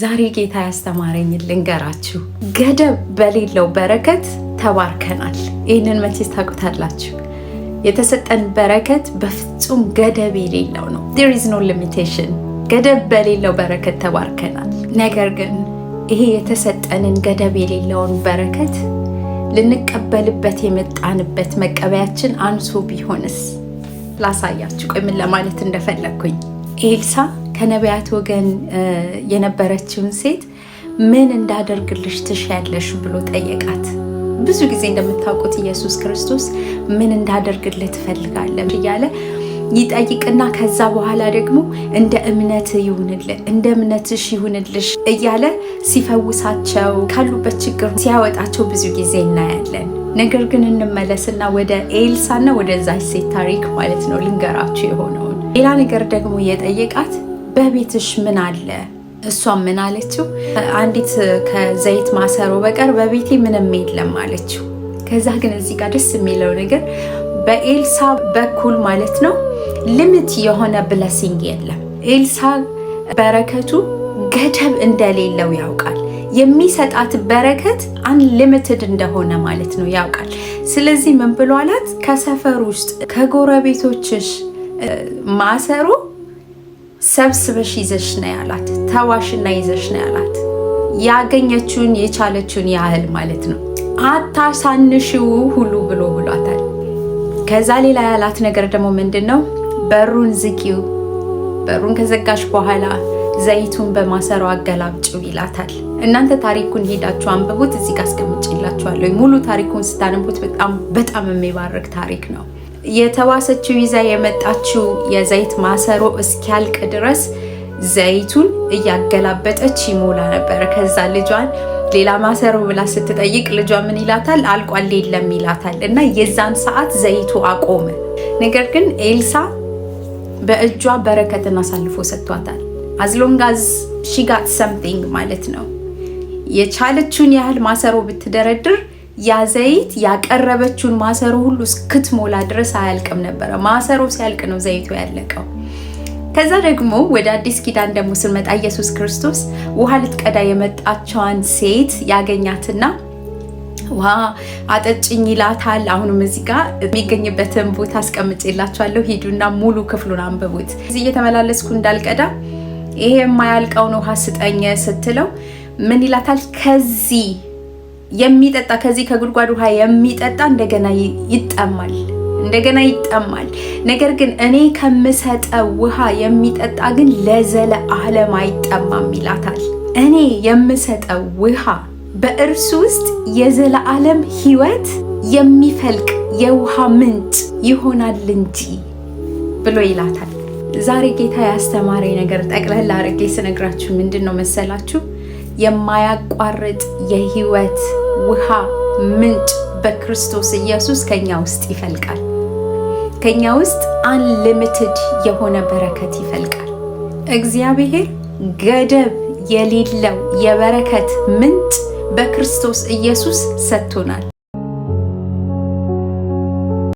ዛሬ ጌታ ያስተማረኝ ልንገራችሁ። ገደብ በሌለው በረከት ተባርከናል። ይህንን መቼስ ታውቁታላችሁ። የተሰጠን በረከት በፍጹም ገደብ የሌለው ነው። ዜር ኢዝ ኖ ሊሚቴሽን። ገደብ በሌለው በረከት ተባርከናል። ነገር ግን ይሄ የተሰጠንን ገደብ የሌለውን በረከት ልንቀበልበት የመጣንበት መቀበያችን አንሶ ቢሆንስ? ላሳያችሁ። ቆይ ምን ለማለት እንደፈለግኩኝ ኤልሳ ከነቢያት ወገን የነበረችውን ሴት ምን እንዳደርግልሽ ትሻያለሽ ብሎ ጠየቃት። ብዙ ጊዜ እንደምታውቁት ኢየሱስ ክርስቶስ ምን እንዳደርግልህ ትፈልጋለህ እያለ ይጠይቅና ከዛ በኋላ ደግሞ እንደ እምነት ይሁንልህ እንደ እምነትሽ ይሁንልሽ እያለ ሲፈውሳቸው ካሉበት ችግር ሲያወጣቸው ብዙ ጊዜ እናያለን። ነገር ግን እንመለስና ወደ ኤልሳና ወደዛች ሴት ታሪክ ማለት ነው ልንገራችሁ የሆነውን ሌላ ነገር ደግሞ የጠየቃት በቤትሽ ምን አለ? እሷም ምን አለችው? አንዲት ከዘይት ማሰሮ በቀር በቤቴ ምንም የለም አለችው። ከዛ ግን እዚህ ጋር ደስ የሚለው ነገር በኤልሳ በኩል ማለት ነው ልምት የሆነ ብለሲንግ የለም። ኤልሳ በረከቱ ገደብ እንደሌለው ያውቃል። የሚሰጣት በረከት አንሊሚትድ እንደሆነ ማለት ነው ያውቃል። ስለዚህ ምን ብሏላት? አላት? ከሰፈር ውስጥ ከጎረቤቶችሽ ማሰሮ ሰብስበሽ ይዘሽ ነው ያላት። ተዋሽና ይዘሽ ነው ያላት። ያገኘችውን የቻለችውን ያህል ማለት ነው። አታሳንሽው ሁሉ ብሎ ብሏታል። ከዛ ሌላ ያላት ነገር ደግሞ ምንድን ነው? በሩን ዝጊው፣ በሩን ከዘጋሽ በኋላ ዘይቱን በማሰሮ አገላብጭው ይላታል። እናንተ ታሪኩን ሄዳችሁ አንብቡት። እዚህ ጋር አስቀምጬላችኋለሁ። ሙሉ ታሪኩን ስታነቡት በጣም በጣም የሚባርክ ታሪክ ነው። የተዋሰችው ይዛ የመጣችው የዘይት ማሰሮ እስኪያልቅ ድረስ ዘይቱን እያገላበጠች ይሞላ ነበረ። ከዛ ልጇን ሌላ ማሰሮ ብላ ስትጠይቅ ልጇ ምን ይላታል? አልቋል የለም ይላታል። እና የዛን ሰዓት ዘይቱ አቆመ። ነገር ግን ኤልሳ በእጇ በረከትን አሳልፎ ሰጥቷታል። አዝሎንጋዝ ሺጋት ሰምቲንግ ማለት ነው። የቻለችውን ያህል ማሰሮ ብትደረድር ያ ዘይት ያቀረበችውን ማሰሮ ሁሉ እስክትሞላ ድረስ አያልቅም ነበረ። ማሰሮ ሲያልቅ ነው ዘይቱ ያለቀው። ከዛ ደግሞ ወደ አዲስ ኪዳን ደግሞ ስንመጣ ኢየሱስ ክርስቶስ ውሃ ልትቀዳ የመጣቸዋን ሴት ያገኛትና ውሃ አጠጭኝ ይላታል። አሁንም እዚህ ጋር የሚገኝበትን ቦታ አስቀምጬላችኋለሁ። ሂዱና ሙሉ ክፍሉን አንብቡት። እዚህ እየተመላለስኩ እንዳልቀዳ ይሄ የማያልቀውን ውሃ ስጠኝ ስትለው ምን ይላታል? ከዚህ የሚጠጣ ከዚህ ከጉድጓድ ውሃ የሚጠጣ እንደገና ይጠማል እንደገና ይጠማል። ነገር ግን እኔ ከምሰጠው ውሃ የሚጠጣ ግን ለዘለ ዓለም አይጠማም ይላታል። እኔ የምሰጠው ውሃ በእርሱ ውስጥ የዘለ ዓለም ሕይወት የሚፈልቅ የውሃ ምንጭ ይሆናል እንጂ ብሎ ይላታል። ዛሬ ጌታ ያስተማረኝ ነገር ጠቅለል አድርጌ ስነግራችሁ ምንድን ነው መሰላችሁ? የማያቋርጥ የህይወት ውሃ ምንጭ በክርስቶስ ኢየሱስ ከኛ ውስጥ ይፈልቃል። ከኛ ውስጥ አንሊሚትድ የሆነ በረከት ይፈልቃል። እግዚአብሔር ገደብ የሌለው የበረከት ምንጭ በክርስቶስ ኢየሱስ ሰጥቶናል።